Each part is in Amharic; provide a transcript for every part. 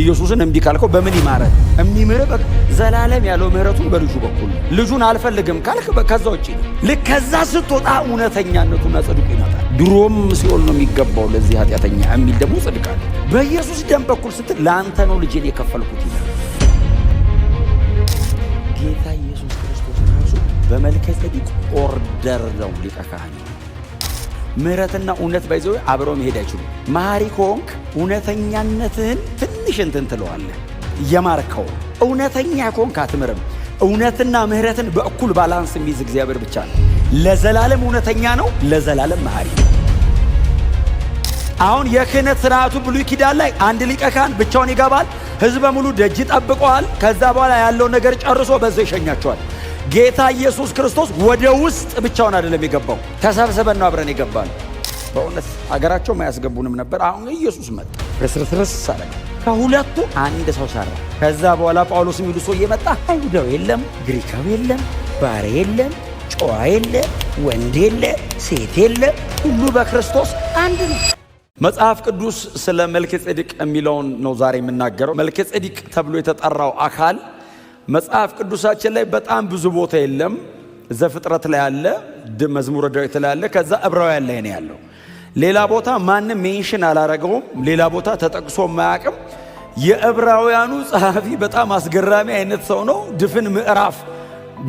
ኢየሱስን እምቢ ካልከው በምን ይማረ? እሚምር ዘላለም ያለው ምህረቱን በልጁ በኩል ልጁን አልፈልግም ካልክ ከዛ ውጭ ልክ ከዛ ስትወጣ እውነተኛነቱና ጽድቁ ይመጣል። ድሮም ሲኦል ነው የሚገባው ለዚህ ኃጢአተኛ የሚል ደግሞ ጽድቅ በኢየሱስ ደም በኩል ስትል ለአንተ ነው ልጄን የከፈልኩት ይላል ጌታ ኢየሱስ ክርስቶስ ራሱ። በመልከ ጼዴቅ ኦርደር ነው ሊቀ ካህን ምህረትና እውነት ባይዘው አብረው መሄድ አይችሉም። መሐሪ ከሆንክ እውነተኛነትህን ትንሽ እንትን ትለዋለህ የማርከው እውነተኛ ኮንክ አትምርም። እውነትና ምህረትን በእኩል ባላንስ የሚይዝ እግዚአብሔር ብቻ ነው። ለዘላለም እውነተኛ ነው፣ ለዘላለም መሐሪ ነው። አሁን የክህነት ስርዓቱ ብሉይ ኪዳን ላይ አንድ ሊቀ ካህን ብቻውን ይገባል። ህዝብ በሙሉ ደጅ ጠብቀዋል። ከዛ በኋላ ያለውን ነገር ጨርሶ በዛ ይሸኛቸዋል። ጌታ ኢየሱስ ክርስቶስ ወደ ውስጥ ብቻውን አይደለም የገባው፣ ተሰብስበን ነው አብረን የገባል። በእውነት አገራቸው አያስገቡንም ነበር። አሁን ኢየሱስ መጣ። ፍርስርስርስ አረገ። ከሁለቱ አንድ ሰው ሰራ። ከዛ በኋላ ጳውሎስ የሚሉ ሰው እየመጣ አይሁዳው የለም፣ ግሪካዊ የለም፣ ባሬ የለም፣ ጨዋ የለ፣ ወንድ የለ፣ ሴት የለ፣ ሁሉ በክርስቶስ አንድ ነው። መጽሐፍ ቅዱስ ስለ መልከ ጼዴቅ የሚለውን ነው ዛሬ የምናገረው። መልከ ጼዴቅ ተብሎ የተጠራው አካል መጽሐፍ ቅዱሳችን ላይ በጣም ብዙ ቦታ የለም። ዘፍጥረት ላይ አለ፣ መዝሙረ ዳዊት ላይ አለ፣ ከዛ ዕብራውያን ላይ ነው ያለው። ሌላ ቦታ ማንም ሜንሽን አላረገውም። ሌላ ቦታ ተጠቅሶ ማያቅም። የዕብራውያኑ ጸሐፊ በጣም አስገራሚ አይነት ሰው ነው። ድፍን ምዕራፍ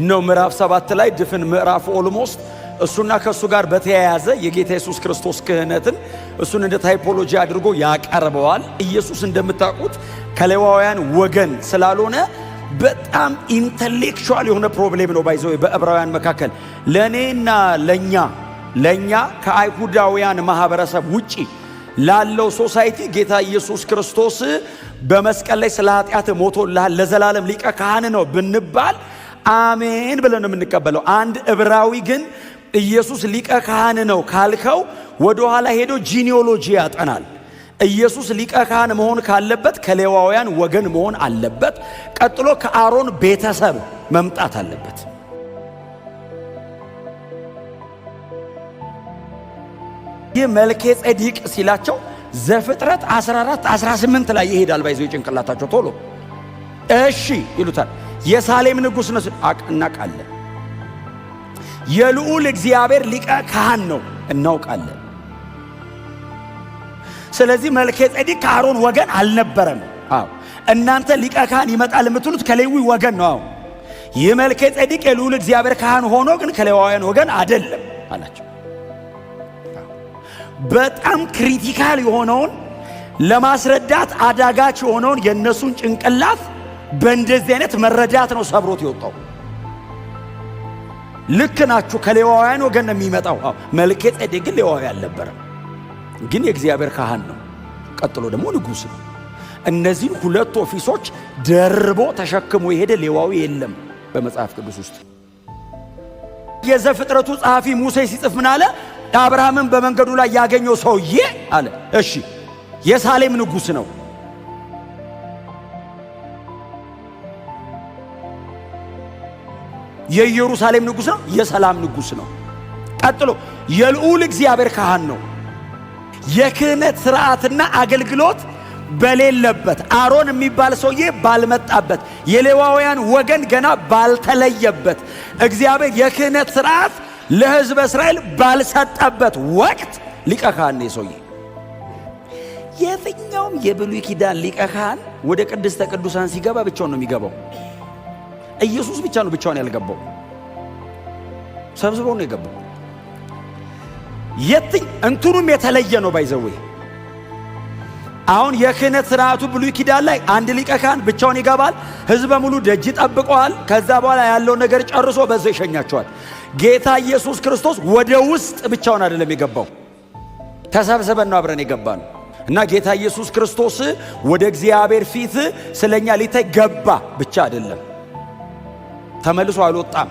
ነው ምዕራፍ ሰባት ላይ ድፍን ምዕራፍ ኦልሞስት እሱና ከእሱ ጋር በተያያዘ የጌታ ኢየሱስ ክርስቶስ ክህነትን እሱን እንደ ታይፖሎጂ አድርጎ ያቀርበዋል። ኢየሱስ እንደምታውቁት ከሌዋውያን ወገን ስላልሆነ በጣም ኢንተሌክቹዋል የሆነ ፕሮብሌም ነው ባይዘው በዕብራውያን መካከል ለእኔና ለእኛ ለእኛ ከአይሁዳውያን ማህበረሰብ ውጪ ላለው ሶሳይቲ ጌታ ኢየሱስ ክርስቶስ በመስቀል ላይ ስለ ኃጢአት ሞቶልሃል ለዘላለም ሊቀ ካህን ነው ብንባል አሜን ብለን ነው የምንቀበለው። አንድ ዕብራዊ ግን ኢየሱስ ሊቀ ካህን ነው ካልከው ወደኋላ ሄዶ ጂኒዮሎጂ ያጠናል። ኢየሱስ ሊቀ ካህን መሆን ካለበት ከሌዋውያን ወገን መሆን አለበት። ቀጥሎ ከአሮን ቤተሰብ መምጣት አለበት። ይህ መልኬ ጸዲቅ ሲላቸው ዘፍጥረት 14 18 ላይ ይሄዳል። ባይዘው ጭንቅላታቸው ቶሎ እሺ ይሉታል። የሳሌም ንጉሥ ነው እናውቃለን። የልዑል እግዚአብሔር ሊቀ ካህን ነው እናውቃለን። ስለዚህ መልኬ ጸዲቅ ከአሮን ወገን አልነበረም። አዎ እናንተ ሊቀ ካህን ይመጣል የምትሉት ከሌዊ ወገን ነው። አዎ ይህ መልኬ ጼዴቅ የልዑል እግዚአብሔር ካህን ሆኖ ግን ከሌዋውያን ወገን አደለም አላቸው። በጣም ክሪቲካል የሆነውን ለማስረዳት አዳጋች የሆነውን የእነሱን ጭንቅላት በእንደዚህ አይነት መረዳት ነው ሰብሮት የወጣው። ልክ ናችሁ። ከሌዋውያን ወገን ነው የሚመጣው። መልከ ግን ሌዋዊ አልነበረም፣ ግን የእግዚአብሔር ካህን ነው። ቀጥሎ ደግሞ ንጉሥ ነው። እነዚህን ሁለት ኦፊሶች ደርቦ ተሸክሞ የሄደ ሌዋዊ የለም በመጽሐፍ ቅዱስ ውስጥ። የዘፍጥረቱ ጸሐፊ ሙሴ ሲጽፍ ምን አለ? አብርሃምን በመንገዱ ላይ ያገኘው ሰውዬ አለ እሺ የሳሌም ንጉሥ ነው። የኢየሩሳሌም ንጉሥ ነው። የሰላም ንጉሥ ነው። ቀጥሎ የልዑል እግዚአብሔር ካህን ነው። የክህነት ስርዓትና አገልግሎት በሌለበት አሮን የሚባል ሰውዬ ባልመጣበት የሌዋውያን ወገን ገና ባልተለየበት እግዚአብሔር የክህነት ስርዓት ለሕዝበ እስራኤል ባልሰጠበት ወቅት ሊቀ ካህን ሰውዬ። የትኛውም የብሉይ ኪዳን ሊቀ ካህን ወደ ቅድስተ ቅዱሳን ሲገባ ብቻውን ነው የሚገባው። ኢየሱስ ብቻ ነው ብቻውን ያልገባው፣ ሰብስበው ነው የገባው። እንትኑም የተለየ ነው ባይዘዌ አሁን የክህነት ስርዓቱ ብሉይ ኪዳን ላይ አንድ ሊቀ ካህን ብቻውን ይገባል። ህዝበ ሙሉ ደጅ ጠብቀዋል። ከዛ በኋላ ያለውን ነገር ጨርሶ በዛ ይሸኛቸዋል። ጌታ ኢየሱስ ክርስቶስ ወደ ውስጥ ብቻውን አይደለም የገባው፣ ተሰብስበን ነው አብረን የገባን እና ጌታ ኢየሱስ ክርስቶስ ወደ እግዚአብሔር ፊት ስለኛ ሊታይ ገባ ብቻ አይደለም፣ ተመልሶ አልወጣም።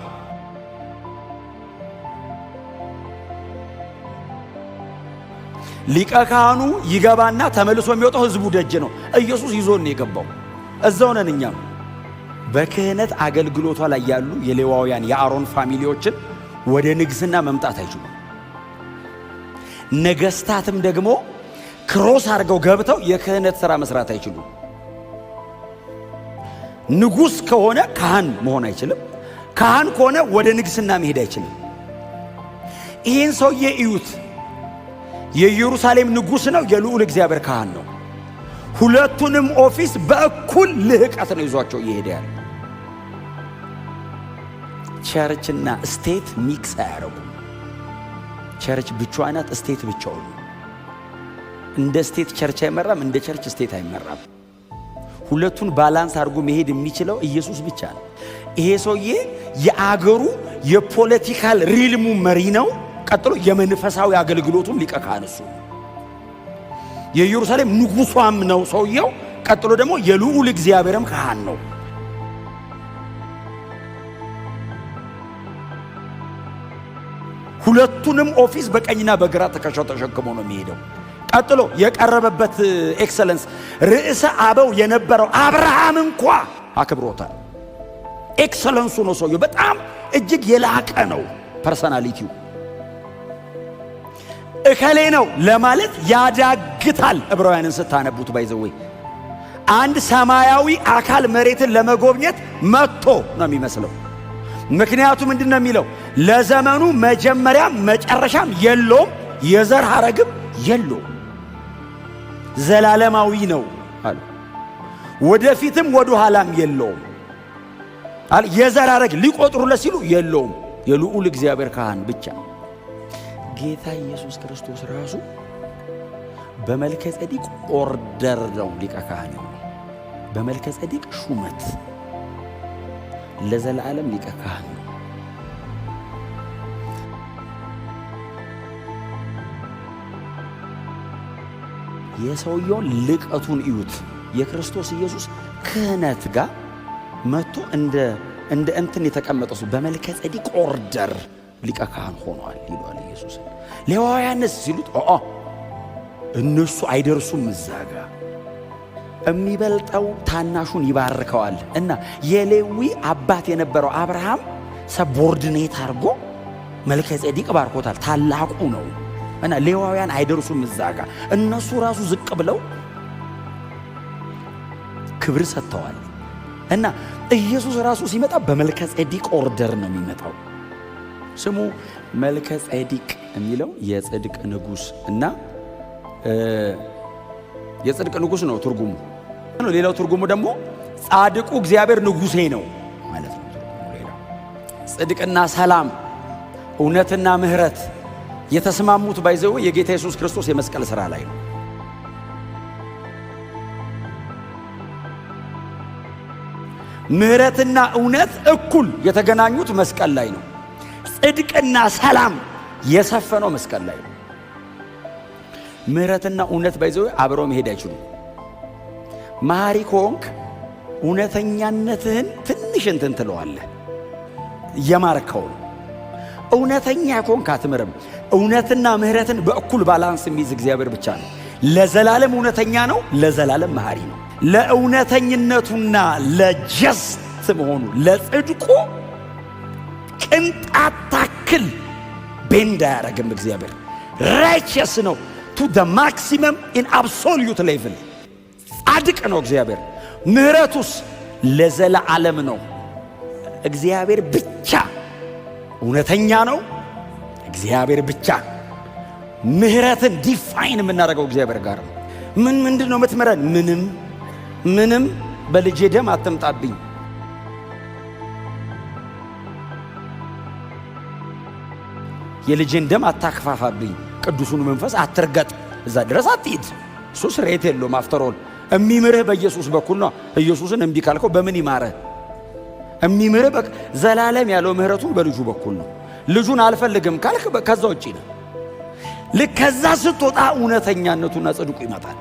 ሊቀ ካህኑ ይገባና ተመልሶ የሚወጣው ህዝቡ ደጅ ነው። ኢየሱስ ይዞን የገባው። እዛው ነን እኛም። በክህነት አገልግሎቷ ላይ ያሉ የሌዋውያን የአሮን ፋሚሊዎችን ወደ ንግስና መምጣት አይችሉም። ነገስታትም ደግሞ ክሮስ አድርገው ገብተው የክህነት ሥራ መስራት አይችሉም። ንጉሥ ከሆነ ካህን መሆን አይችልም። ካህን ከሆነ ወደ ንግስና መሄድ አይችልም። ይህን ሰውዬ እዩት። የኢየሩሳሌም ንጉሥ ነው፣ የልዑል እግዚአብሔር ካህን ነው። ሁለቱንም ኦፊስ በእኩል ልህቀት ነው ይዟቸው እየሄደ ያለ ቸርችና ስቴት ሚክስ አያደርጉም። ቸርች ብቻዋ ናት፣ ስቴት ብቻው ነው። እንደ ስቴት ቸርች አይመራም፣ እንደ ቸርች ስቴት አይመራም። ሁለቱን ባላንስ አድርጎ መሄድ የሚችለው ኢየሱስ ብቻ ነው። ይሄ ሰውዬ የአገሩ የፖለቲካል ሪልሙ መሪ ነው። ቀጥሎ የመንፈሳዊ አገልግሎቱም ሊቀ ካህናቱ የኢየሩሳሌም ንጉሷም ነው ሰውየው። ቀጥሎ ደግሞ የልዑል እግዚአብሔርም ካህን ነው። ሁለቱንም ኦፊስ በቀኝና በግራ ትከሻው ተሸክሞ ነው የሚሄደው። ቀጥሎ የቀረበበት ኤክሰለንስ ርዕሰ አበው የነበረው አብርሃም እንኳ አክብሮታል። ኤክሰለንሱ ነው ሰውየው፣ በጣም እጅግ የላቀ ነው ፐርሰናሊቲው። እከሌ ነው ለማለት ያዳግታል። ዕብራውያንን ስታነቡት ባይዘወይ አንድ ሰማያዊ አካል መሬትን ለመጎብኘት መጥቶ ነው የሚመስለው። ምክንያቱ ምንድን ነው የሚለው ለዘመኑ መጀመሪያም መጨረሻም የለውም፣ የዘር ሐረግም የለውም፣ ዘላለማዊ ነው አለ። ወደፊትም ወደ ኋላም የለውም አለ። የዘር ሐረግ ሊቆጥሩለት ሲሉ የለውም፣ የልዑል እግዚአብሔር ካህን ብቻ ጌታ ኢየሱስ ክርስቶስ ራሱ በመልከ ጸዲቅ ኦርደር ነው ሊቀ ካህን በመልከ ጸዲቅ ሹመት ለዘላለም ሊቀ ካህን ነው። የሰውየውን ልቀቱን እዩት። የክርስቶስ ኢየሱስ ክህነት ጋር መጥቶ እንደ እንደ እንትን የተቀመጠ ሰው በመልከ ጼዴቅ ኦርደር ሊቀ ካህን ሆኗል ይሏል ኢየሱስ። ሌዋውያንስ ሲሉት እነሱ አይደርሱም እዛ ጋር የሚበልጠው ታናሹን ይባርከዋል እና የሌዊ አባት የነበረው አብርሃም ሰቦርድኔት አድርጎ መልከ ጼዲቅ ባርኮታል። ታላቁ ነው እና ሌዋውያን አይደርሱም እዛ ጋ እነሱ ራሱ ዝቅ ብለው ክብር ሰጥተዋል። እና ኢየሱስ ራሱ ሲመጣ በመልከ ጼዲቅ ኦርደር ነው የሚመጣው። ስሙ መልከ ጼዲቅ የሚለው የጽድቅ ንጉሥ እና የጽድቅ ንጉሥ ነው ትርጉሙ። ነው። ሌላው ትርጉሙ ደግሞ ጻድቁ እግዚአብሔር ንጉሴ ነው ማለት ነው። ጽድቅና ሰላም እውነትና ምሕረት የተስማሙት ባይዘው የጌታ ኢየሱስ ክርስቶስ የመስቀል ሥራ ላይ ነው። ምሕረትና እውነት እኩል የተገናኙት መስቀል ላይ ነው። ጽድቅና ሰላም የሰፈነው መስቀል ላይ ነው። ምሕረትና እውነት ባይዘው አብረው መሄድ አይችሉም። መሐሪ ከሆንክ እውነተኛነትህን ትንሽ እንትን ትለዋለህ። የማርከውን እውነተኛ ከሆንክ አትምርም። እውነትና ምሕረትን በእኩል ባላንስ የሚይዝ እግዚአብሔር ብቻ ነው። ለዘላለም እውነተኛ ነው፣ ለዘላለም መሐሪ ነው። ለእውነተኝነቱና ለጀስት መሆኑ ለጽድቁ ቅንጣት ታክል ቤንድ አያረግም። እግዚአብሔር ራይቸስ ነው ቱ ደ ማክሲመም ኢን አብሶሉት ሌቭል ጻድቅ ነው እግዚአብሔር። ምሕረቱስ ለዘላ ዓለም ነው። እግዚአብሔር ብቻ እውነተኛ ነው። እግዚአብሔር ብቻ ምሕረትን ዲፋይን የምናደርገው እግዚአብሔር ጋር ነው። ምን ምንድን ነው የምትምረን? ምንም ምንም በልጄ ደም አትምጣብኝ። የልጄን ደም አታክፋፋብኝ። ቅዱሱን መንፈስ አትርገጥ። እዛ ድረስ አትሂድ። እሱ ስሬት የለውም አፍተሮል የሚምርህ በኢየሱስ በኩል ነው። ኢየሱስን እምቢ ካልከው በምን ይማርህ? የሚምርህ ዘላለም ያለው ምህረቱ በልጁ በኩል ነው። ልጁን አልፈልግም ካልክ ከዛ ውጪ ነው። ልክ ከዛ ስትወጣ እውነተኛነቱና ጽድቁ ይመጣል።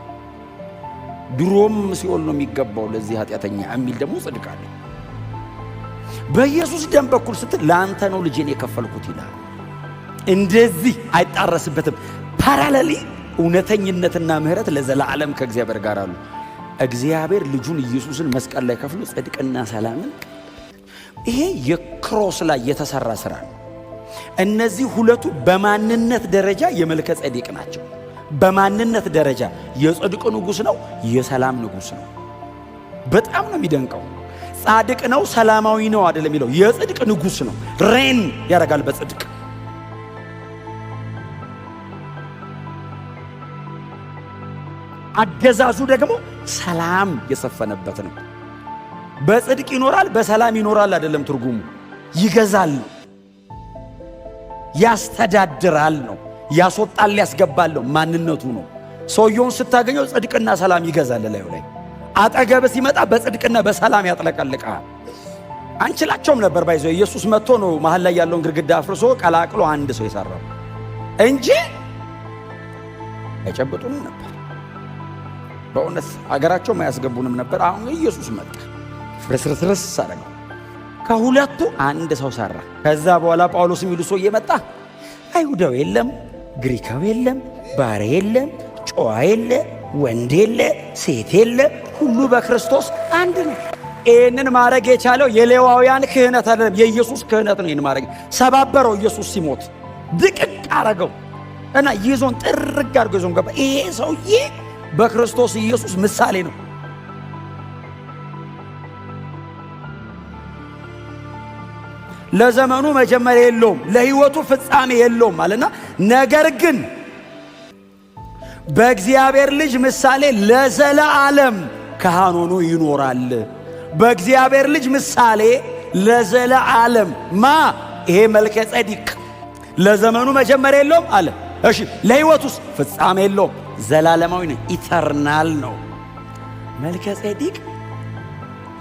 ድሮም ሲኦል ነው የሚገባው ለዚህ ኃጢአተኛ የሚል ደግሞ ጽድቅ አለ። በኢየሱስ ደም በኩል ስትል ለአንተ ነው ልጄን የከፈልኩት ይላል። እንደዚህ አይጣረስበትም። ፓራሌሊ እውነተኝነትና ምህረት ለዘላለም ከእግዚአብሔር ጋር አሉ። እግዚአብሔር ልጁን ኢየሱስን መስቀል ላይ ከፍሎ ጽድቅና ሰላምን ይሄ የክሮስ ላይ የተሰራ ስራ ነው። እነዚህ ሁለቱ በማንነት ደረጃ የመልከ ጸዲቅ ናቸው። በማንነት ደረጃ የጽድቅ ንጉሥ ነው፣ የሰላም ንጉሥ ነው። በጣም ነው የሚደንቀው። ጻድቅ ነው፣ ሰላማዊ ነው አይደለም የሚለው የጽድቅ ንጉሥ ነው። ሬን ያደርጋል በጽድቅ አገዛዙ ደግሞ ሰላም የሰፈነበት ነው። በጽድቅ ይኖራል፣ በሰላም ይኖራል አይደለም ትርጉሙ። ይገዛል ነው፣ ያስተዳድራል ነው፣ ያስወጣል ያስገባል ነው፣ ማንነቱ ነው። ሰውየውን ስታገኘው ጽድቅና ሰላም ይገዛል ላዩ ላይ አጠገብ ሲመጣ በጽድቅና በሰላም ያጥለቀልቀሃል። አንችላቸውም ነበር ባይዘ ኢየሱስ መጥቶ ነው መሀል ላይ ያለውን ግድግዳ አፍርሶ ቀላቅሎ አንድ ሰው የሰራው እንጂ አይጨብጡንም ነበር። በእውነት አገራቸው አያስገቡንም ነበር። አሁን ኢየሱስ መጣ፣ ፍርስርስርስ አደረገው። ከሁለቱ አንድ ሰው ሰራ። ከዛ በኋላ ጳውሎስ የሚሉ ሰው እየመጣ አይሁዳው የለም፣ ግሪካው የለም፣ ባሪያ የለም፣ ጨዋ የለ፣ ወንድ የለ፣ ሴት የለ፣ ሁሉ በክርስቶስ አንድ ነው። ይህንን ማድረግ የቻለው የሌዋውያን ክህነት አይደለም፣ የኢየሱስ ክህነት ነው። ይህን ማድረግ ሰባበረው። ኢየሱስ ሲሞት ድቅቅ አረገው እና ይዞን ጥርግ አድርጎ ይዞን ገባ። ይሄ ሰውዬ በክርስቶስ ኢየሱስ ምሳሌ ነው። ለዘመኑ መጀመሪያ የለውም፣ ለሕይወቱ ፍጻሜ የለውም አለና ነገር ግን በእግዚአብሔር ልጅ ምሳሌ ለዘለዓለም ካህን ሆኖ ይኖራል። በእግዚአብሔር ልጅ ምሳሌ ለዘለዓለም ማ ይሄ መልከ ጸዲቅ ለዘመኑ መጀመሪያ የለውም አለ። እሺ ለሕይወቱስ ፍጻሜ የለውም። ዘላለማዊ ነው፣ ኢተርናል ነው። መልከ ጼዲቅ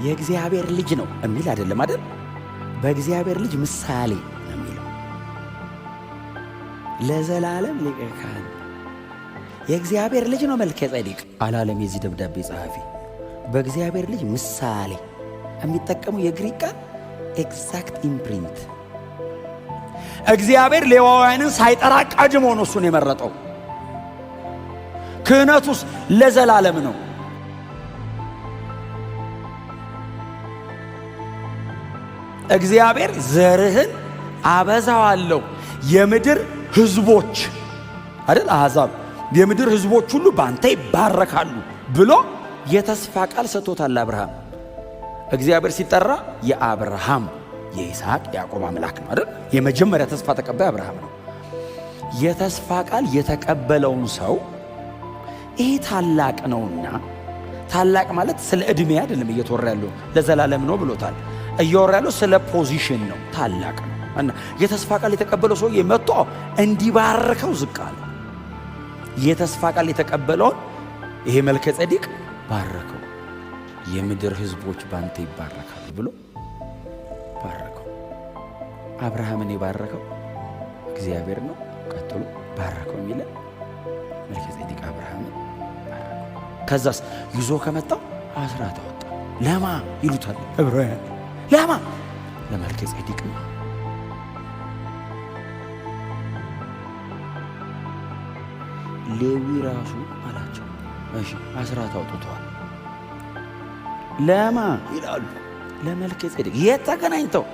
የእግዚአብሔር ልጅ ነው የሚል አይደለም አይደል? በእግዚአብሔር ልጅ ምሳሌ ነው የሚለው። ለዘላለም ሊቀ ካህን የእግዚአብሔር ልጅ ነው መልከ ጼዲቅ አላለም። የዚህ ደብዳቤ ጸሐፊ በእግዚአብሔር ልጅ ምሳሌ የሚጠቀሙ የግሪክ ቃል ኤግዛክት ኢምፕሪንት እግዚአብሔር ሌዋውያንን ሳይጠራ ቀድሞ ነው እሱን የመረጠው። ክህነቱስ ለዘላለም ነው። እግዚአብሔር ዘርህን አበዛዋለሁ የምድር ህዝቦች አይደል አሕዛብ የምድር ህዝቦች ሁሉ በአንተ ይባረካሉ ብሎ የተስፋ ቃል ሰጥቶታል። አብርሃም እግዚአብሔር ሲጠራ የአብርሃም የይስሐቅ ያዕቆብ አምላክ ነው አይደል? የመጀመሪያ ተስፋ ተቀባይ አብርሃም ነው። የተስፋ ቃል የተቀበለውን ሰው ይህ ታላቅ ነውና ታላቅ ማለት ስለ ዕድሜ አይደለም እየተወራ ያለው ለዘላለም ነው ብሎታል። እያወራ ያለው ስለ ፖዚሽን ነው። ታላቅ ነው እና የተስፋ ቃል የተቀበለው ሰውዬ መጥቶ እንዲባርከው ዝቅ አለ። የተስፋ ቃል የተቀበለውን ይሄ መልከ ጸዲቅ ባረከው። የምድር ህዝቦች ባንተ ይባረካሉ ብሎ ባረከው። አብርሃምን የባረከው እግዚአብሔር ነው። ቀጥሎ ባረከው የሚለን መልከ ጼዴቅ ከዛስ ይዞ ከመጣው አስራት አወጣ። ለማ ይሉታል ዕብራውያን። ለማ ለመልከ ጼዴቅ ነው። ሌዊ ራሱ አላቸው፣ እሺ አስራት አውጥተዋል። ለማ ይላሉ ለመልከ ጼዴቅ። የት ተገናኝተው?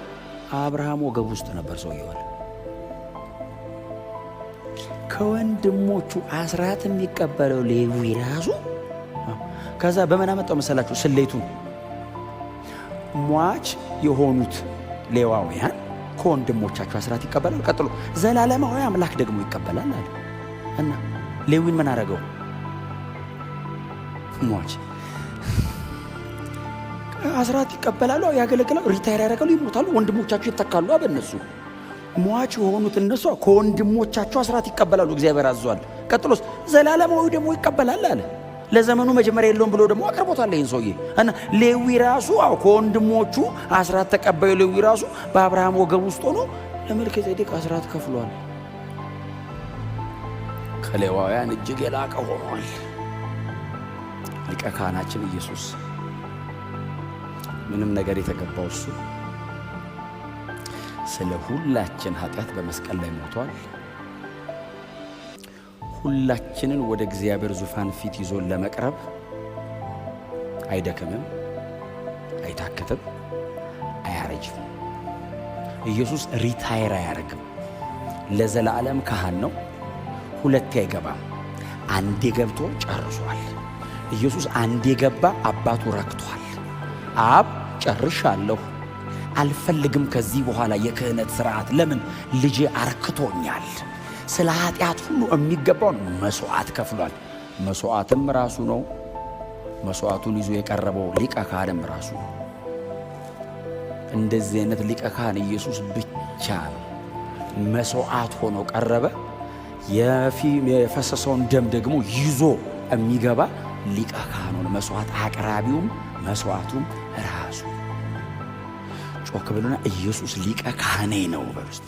አብርሃም ወገብ ውስጥ ነበር ሰውየዋል ከወንድሞቹ አስራት የሚቀበለው ሌዊ ራሱ ከዛ በምን አመጣው መሰላችሁ? ስሌቱ ሟች የሆኑት ሌዋውያን ከወንድሞቻቸው አስራት ይቀበላል። ቀጥሎ ዘላለማዊ አምላክ ደግሞ ይቀበላል አለ እና ሌዊን ምን አረገው? ሟች አስራት ይቀበላሉ፣ ያገለግላሉ፣ ሪታይር ያደረጋሉ፣ ይሞታሉ። ወንድሞቻቸው ይተካሉ በእነሱ ሟች የሆኑት እነሷ ከወንድሞቻቸው አስራት ይቀበላሉ፣ እግዚአብሔር አዟል። ቀጥሎስ ዘላለማዊ ደግሞ ይቀበላል አለ። ለዘመኑ መጀመሪያ የለውም ብሎ ደግሞ አቅርቦታል። ይህን ሰውዬ እና ሌዊ ራሱ ከወንድሞቹ አስራት ተቀባዩ ሌዊ ራሱ በአብርሃም ወገብ ውስጥ ሆኖ ለመልከ ጼዴቅ አስራት ከፍሏል። ከሌዋውያን እጅግ የላቀ ሆኗል። ሊቀ ካህናችን ኢየሱስ ምንም ነገር የተገባው እሱ ስለ ሁላችን ኃጢአት በመስቀል ላይ ሞቷል። ሁላችንን ወደ እግዚአብሔር ዙፋን ፊት ይዞን ለመቅረብ አይደክምም፣ አይታክትም፣ አያረጅም። ኢየሱስ ሪታይር አያረግም። ለዘላለም ካህን ነው። ሁለቴ አይገባም። አንዴ ገብቶ ጨርሷል። ኢየሱስ አንዴ ገባ፣ አባቱ ረክቷል። አብ ጨርሻለሁ አልፈልግም ከዚህ በኋላ የክህነት ስርዓት። ለምን ልጄ አርክቶኛል። ስለ ኃጢአት ሁሉ የሚገባውን መስዋዕት ከፍሏል። መስዋዕትም ራሱ ነው። መስዋዕቱን ይዞ የቀረበው ሊቀ ካህንም ራሱ ነው። እንደዚህ አይነት ሊቀ ካህን ኢየሱስ ብቻ ነው። መስዋዕት ሆኖ ቀረበ። የፈሰሰውን ደም ደግሞ ይዞ የሚገባ ሊቀ ካህኑን መስዋዕት አቅራቢውም መስዋዕቱም ራሱ ጮክ ብሎና ኢየሱስ ሊቀ ካህኔ ነው በሉስ።